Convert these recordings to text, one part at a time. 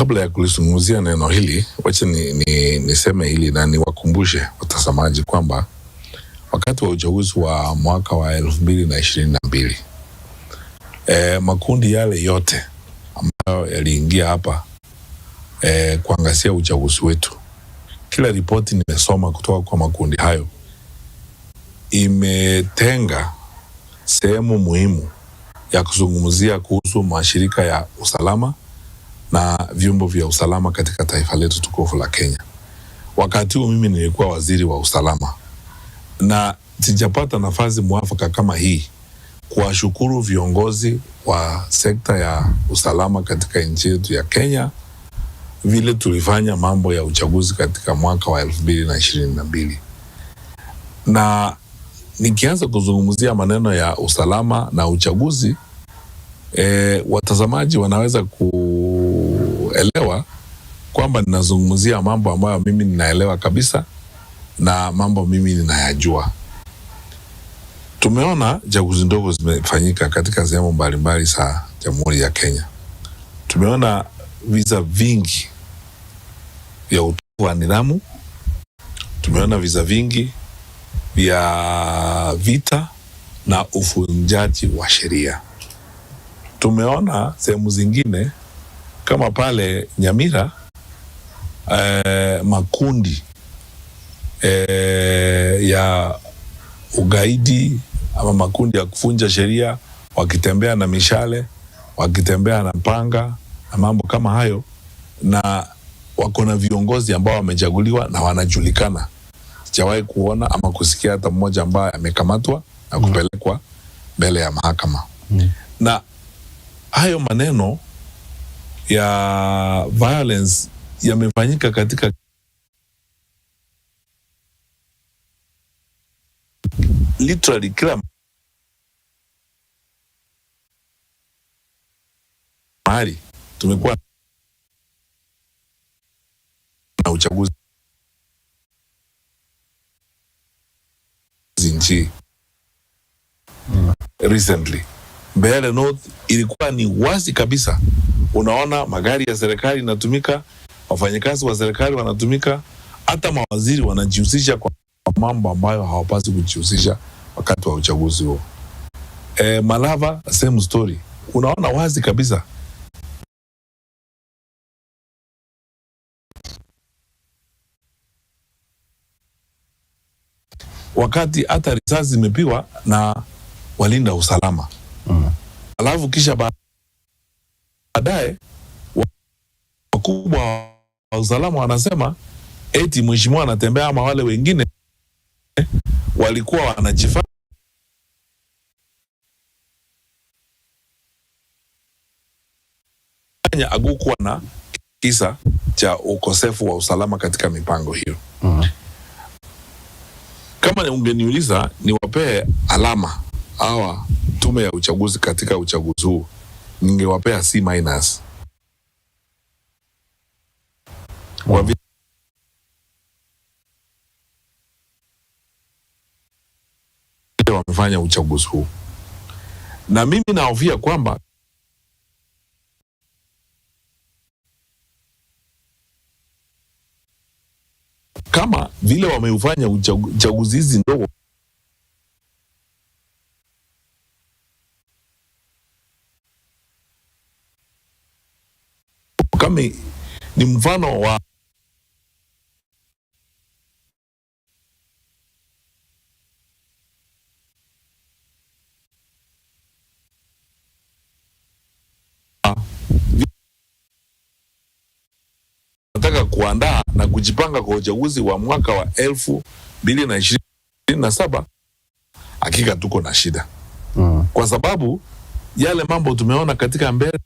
Kabla ya kulizungumzia neno hili, wacha ni, ni, niseme hili na niwakumbushe watazamaji kwamba wakati wa uchaguzi wa mwaka wa elfu mbili na ishirini na mbili e, makundi yale yote ambayo yaliingia hapa e, kuangazia uchaguzi wetu, kila ripoti nimesoma kutoka kwa makundi hayo imetenga sehemu muhimu ya kuzungumzia kuhusu mashirika ya usalama na vyombo vya usalama katika taifa letu tukufu la Kenya. Wakati huo mimi nilikuwa waziri wa usalama na sijapata nafasi mwafaka kama hii kuwashukuru viongozi wa sekta ya usalama katika nchi yetu ya Kenya vile tulifanya mambo ya uchaguzi katika mwaka wa elfu mbili na ishirini na mbili na nikianza kuzungumzia maneno ya usalama na uchaguzi e, watazamaji wanaweza ku kuelewa kwamba ninazungumzia mambo ambayo mimi ninaelewa kabisa na mambo mimi ninayajua. Tumeona chaguzi ndogo zimefanyika katika sehemu mbalimbali za Jamhuri ya Kenya. Tumeona visa vingi vya utovu wa nidhamu, tumeona visa vingi vya vita na uvunjaji wa sheria. Tumeona sehemu zingine kama pale Nyamira eh, makundi eh, ya ugaidi ama makundi ya kuvunja sheria wakitembea na mishale, wakitembea na panga na mambo kama hayo, na wako na viongozi ambao wamechaguliwa na wanajulikana. Sijawahi kuona ama kusikia hata mmoja ambaye amekamatwa na mm. kupelekwa mbele ya mahakama mm. na hayo maneno ya violence yamefanyika katika literally kila mahali. Tumekuwa na uchaguzi nchi mm. recently Mbeere North ilikuwa ni wazi kabisa, unaona magari ya serikali inatumika, wafanyakazi wa serikali wanatumika, hata mawaziri wanajihusisha kwa mambo ambayo hawapasi kujihusisha wakati wa uchaguzi huo. E, Malava same story, unaona wazi kabisa wakati hata risasi zimepiwa na walinda usalama alafu kisha baadaye wakubwa wa usalama wanasema eti mheshimiwa anatembea ama wale wengine walikuwa wanajifanya hakukuwa na kisa cha ukosefu wa usalama katika mipango hiyo. Mm. Kama ungeniuliza niwapee alama hawa tume ya uchaguzi katika uchaguzi huu ningewapea C minus kwa vile wamefanya uchaguzi huu, na mimi nahofia kwamba kama vile wameufanya uchaguzi hizi ndogo Ukame ni mfano wa nataka kuandaa na kujipanga kwa uchaguzi wa mwaka wa elfu mbili na ishirini na saba. Hakika tuko na shida mm, kwa sababu yale mambo tumeona katika mbele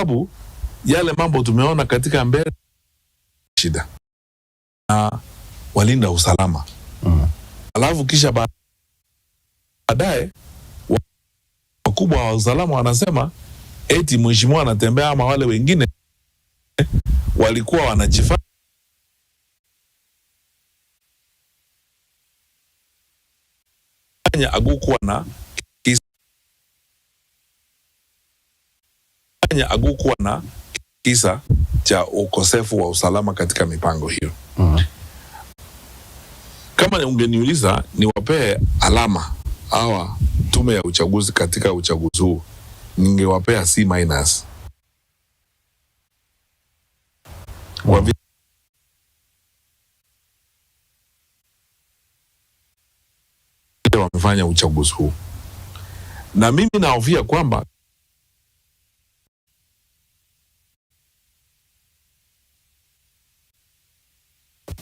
sababu yale mambo tumeona katika mbele shida na walinda usalama mm. Alafu kisha baadaye wakubwa wa usalama wanasema eti mheshimiwa anatembea ama wale wengine eh, walikuwa wanajifanya agukuwa na Kenya agukuwa na kisa cha ukosefu wa usalama katika mipango hiyo. mm Kama ungeniuliza niwapee alama hawa tume ya uchaguzi katika uchaguzi huu, ningewapea C minus mm -hmm. wamefanya uchaguzi huu, na mimi nahofia kwamba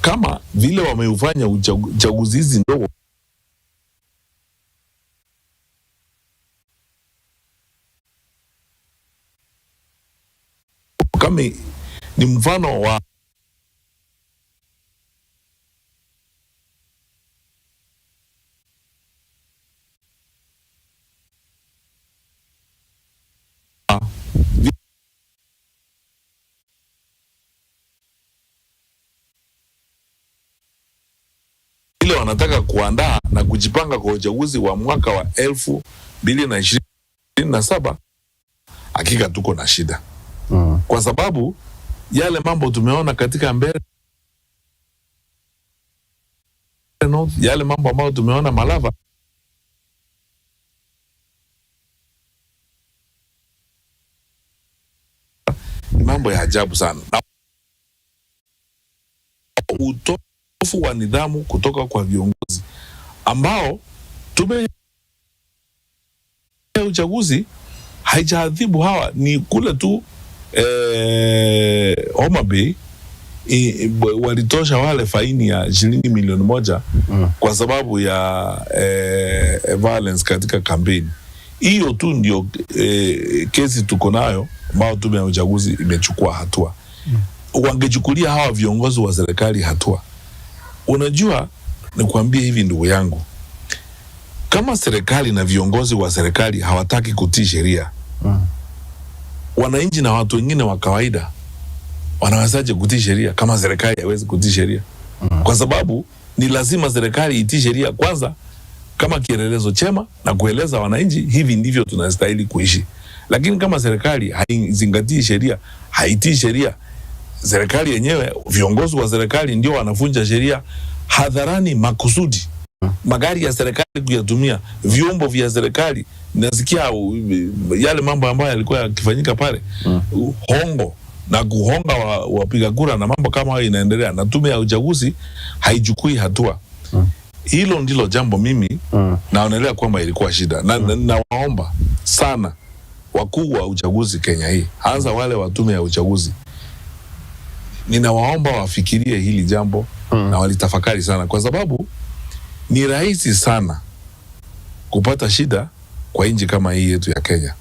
kama vile wameufanya uchaguzi hizi ndogo kama ni mfano wa wanataka kuandaa na kujipanga kwa uchaguzi wa mwaka wa elfu mbili na ishirini na saba hakika tuko na shida mm. kwa sababu yale mambo tumeona katika mbele yale mambo ambayo tumeona Malava ni mambo ya ajabu sana na ukosefu wa nidhamu kutoka kwa viongozi ambao tume ya uchaguzi haijaadhibu hawa. Ni kule tu eh, Homa Bay walitosha wale faini ya shilingi milioni moja mm. kwa sababu ya e, violence katika kampeni hiyo. Tu ndio e, kesi tuko nayo ambao tume ya uchaguzi imechukua hatua mm. wangechukulia hawa viongozi wa serikali hatua Unajua, nikuambie hivi ndugu yangu, kama serikali na viongozi wa serikali hawataki kutii sheria mm. wananchi na watu wengine wa kawaida wanawezaje kutii sheria kama serikali haiwezi kutii sheria mm. kwa sababu ni lazima serikali itii sheria kwanza kama kielelezo chema na kueleza wananchi hivi ndivyo tunastahili kuishi, lakini kama serikali haizingatii sheria, haitii sheria serikali yenyewe, viongozi wa serikali ndio wanavunja sheria hadharani makusudi. Magari ya serikali kuyatumia, vyombo vya serikali. Nasikia uh, yale mambo ambayo yalikuwa yakifanyika pale hongo na kuhonga wapiga wa kura na mambo kama hayo inaendelea, na tume ya uchaguzi haichukui hatua uh. Hilo ndilo jambo mimi uh, naonelea kwamba ilikuwa shida na, uh, na waomba sana wakuu wa uchaguzi Kenya hii, hasa wale wa tume ya uchaguzi ninawaomba wafikirie hili jambo mm. na walitafakari sana, kwa sababu ni rahisi sana kupata shida kwa nchi kama hii yetu ya Kenya,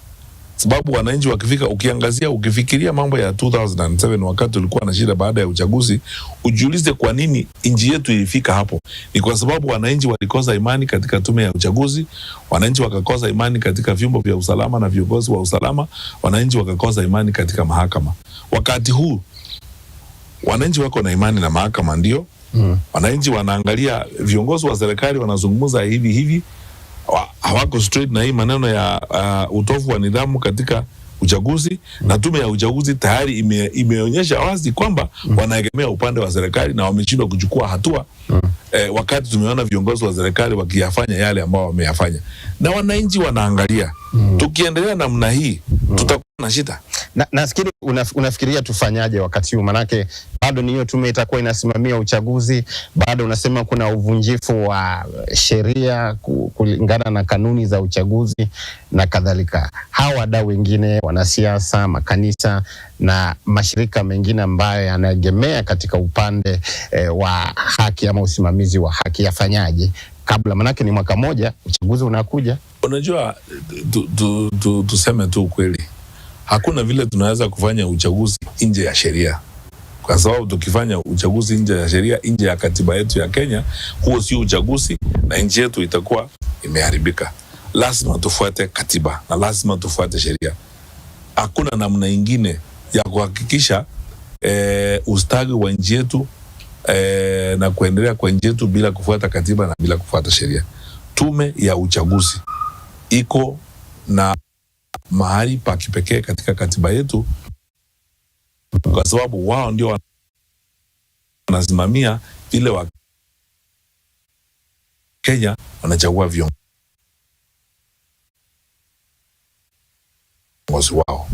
sababu wananchi wakifika, ukiangazia, ukifikiria mambo ya 2007 wakati ulikuwa na shida baada ya uchaguzi, ujiulize kwa nini nchi yetu ilifika hapo. Ni kwa sababu wananchi walikosa imani katika tume ya uchaguzi, wananchi wakakosa imani katika vyombo vya usalama na viongozi wa usalama, wananchi wakakosa imani katika mahakama. Wakati huu wananchi wako na imani na mahakama ndio mm. Wananchi wanaangalia viongozi wa serikali wanazungumza hivi hivi, hawako straight na hii maneno ya uh, utovu wa nidhamu katika uchaguzi mm. na tume ya uchaguzi tayari ime, imeonyesha wazi kwamba mm. wanaegemea upande wa serikali na wameshindwa kuchukua hatua mm. eh, wakati tumeona viongozi wa serikali wakiyafanya yale ambayo wameyafanya na wananchi wanaangalia mm. tukiendelea namna hii mm. tutakuwa na shida. Na, nafikiri unaf, unafikiria tufanyaje wakati huu, manake bado ni hiyo tume itakuwa inasimamia uchaguzi, bado unasema kuna uvunjifu wa sheria kulingana na kanuni za uchaguzi na kadhalika. Hawa wadau wengine, wanasiasa, makanisa na mashirika mengine ambayo yanaegemea katika upande eh, wa haki ama usimamizi wa haki yafanyaje kabla, manake ni mwaka moja uchaguzi unakuja. Unajua, tuseme tu ukweli Hakuna vile tunaweza kufanya uchaguzi nje ya sheria, kwa sababu tukifanya uchaguzi nje ya sheria, nje ya katiba yetu ya Kenya, huo sio uchaguzi na nchi yetu itakuwa imeharibika. Lazima tufuate katiba na lazima tufuate sheria. Hakuna namna ingine ya kuhakikisha e, ustawi wa nchi yetu e, na kuendelea kwa nchi yetu bila kufuata katiba na bila kufuata sheria. Tume ya uchaguzi iko na mahali pa kipekee katika katiba yetu, kwa sababu wao ndio wanasimamia vile wa Kenya wanachagua viongozi wao.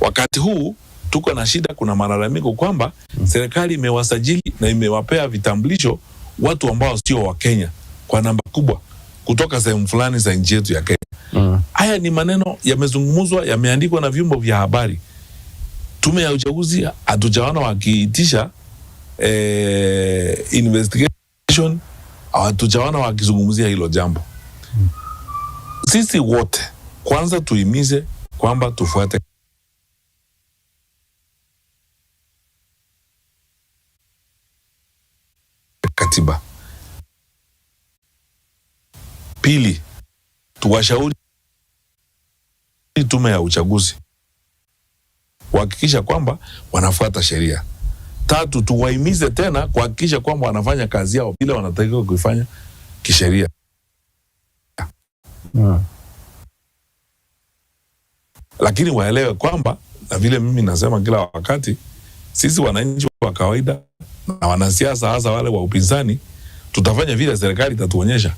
Wakati huu tuko na shida, kuna malalamiko kwamba serikali imewasajili na imewapea vitambulisho watu ambao sio wa Kenya kwa namba kubwa kutoka sehemu fulani za nchi yetu ya Kenya. Haya mm. ni maneno yamezungumzwa, yameandikwa na vyombo vya habari. Tume ya uchaguzi hatujaona wakiitisha eh, investigation, hatujaona wakizungumzia hilo jambo mm. Sisi wote kwanza tuimize kwamba tufuate katiba. Pili, washauri tume ya uchaguzi kuhakikisha kwamba wanafuata sheria. Tatu, tuwahimize tena kuhakikisha kwamba wanafanya kazi yao bila wanatakiwa kuifanya kisheria. Hmm. Lakini waelewe kwamba na vile mimi nasema kila wakati, sisi wananchi wa kawaida na wanasiasa, hasa wale wa upinzani, tutafanya vile serikali itatuonyesha.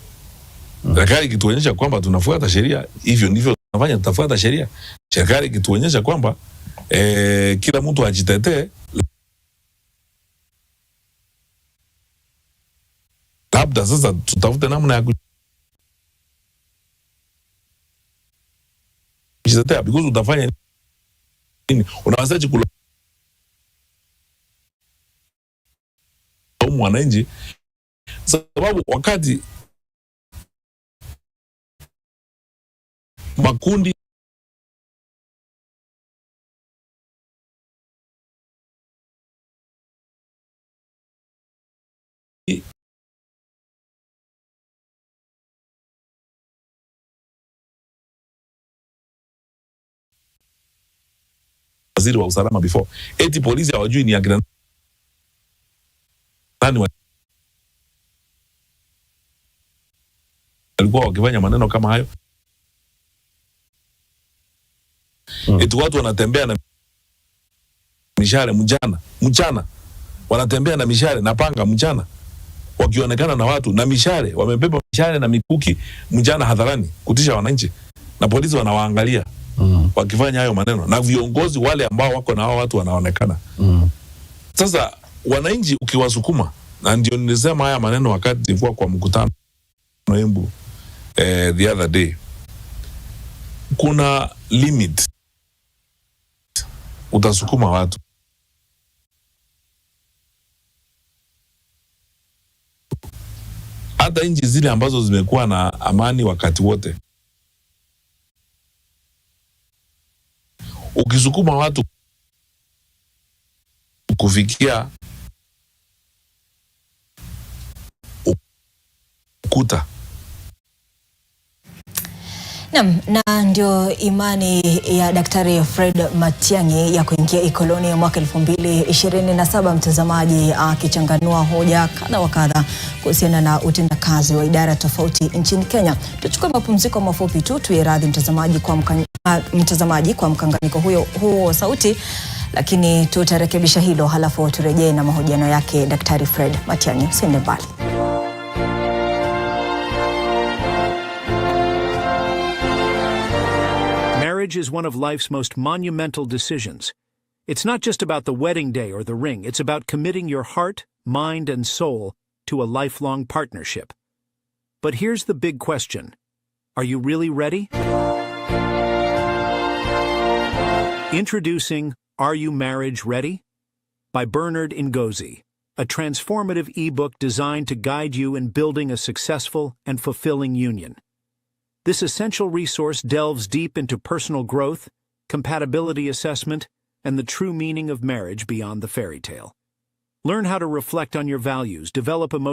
Serikali ikituonyesha kwamba tunafuata sheria, hivyo ndivyo tunafanya, tutafuata sheria. Serikali ikituonyesha kwamba e, kila mtu ajitetee, labda sasa tutafute namna ya kujitetea, because utafanya nini? Unawezaje kulaumu wananchi? Sababu wakati makundi waziri wa usalama before eti polisi hawajui ni akina nani walikuwa wakifanya maneno kama hayo mm. eti watu wanatembea na mishale mchana mchana, wanatembea na mishale na panga mchana, wakionekana na watu na mishale, wamebeba mishale na mikuki mchana hadharani kutisha wananchi, na polisi wanawaangalia mm. wakifanya hayo maneno, na viongozi wale ambao wako na hao watu wanaonekana mm. Sasa wananchi ukiwasukuma, na ndio nilisema haya maneno wakati nilikuwa kwa mkutano Embu eh, the other day, kuna limit utasukuma watu hata nchi zile ambazo zimekuwa na amani wakati wote, ukisukuma watu kufikia ukuta Naam, na ndio imani ya Daktari Fred Matiang'i ya kuingia Ikoloni ya mwaka 2027, mtazamaji akichanganua hoja kadha wa kadha kuhusiana na utendakazi wa idara tofauti nchini Kenya. Tuchukue mapumziko mafupi tu, tuye radhi mtazamaji kwa, mkan, ah, mtazamaji kwa mkanganyiko huyo huo sauti, lakini tutarekebisha hilo halafu turejee na mahojiano yake Daktari Fred Matiang'i. Usiende mbali. Marriage is one of life's most monumental decisions. It's not just about the wedding day or the ring, it's about committing your heart, mind, and soul to a lifelong partnership. But here's the big question Are you really ready? Introducing Are You Marriage Ready? by Bernard Ngozi, a transformative ebook designed to guide you in building a successful and fulfilling union. This essential resource delves deep into personal growth, compatibility assessment, and the true meaning of marriage beyond the fairy tale. Learn how to reflect on your values, develop emotional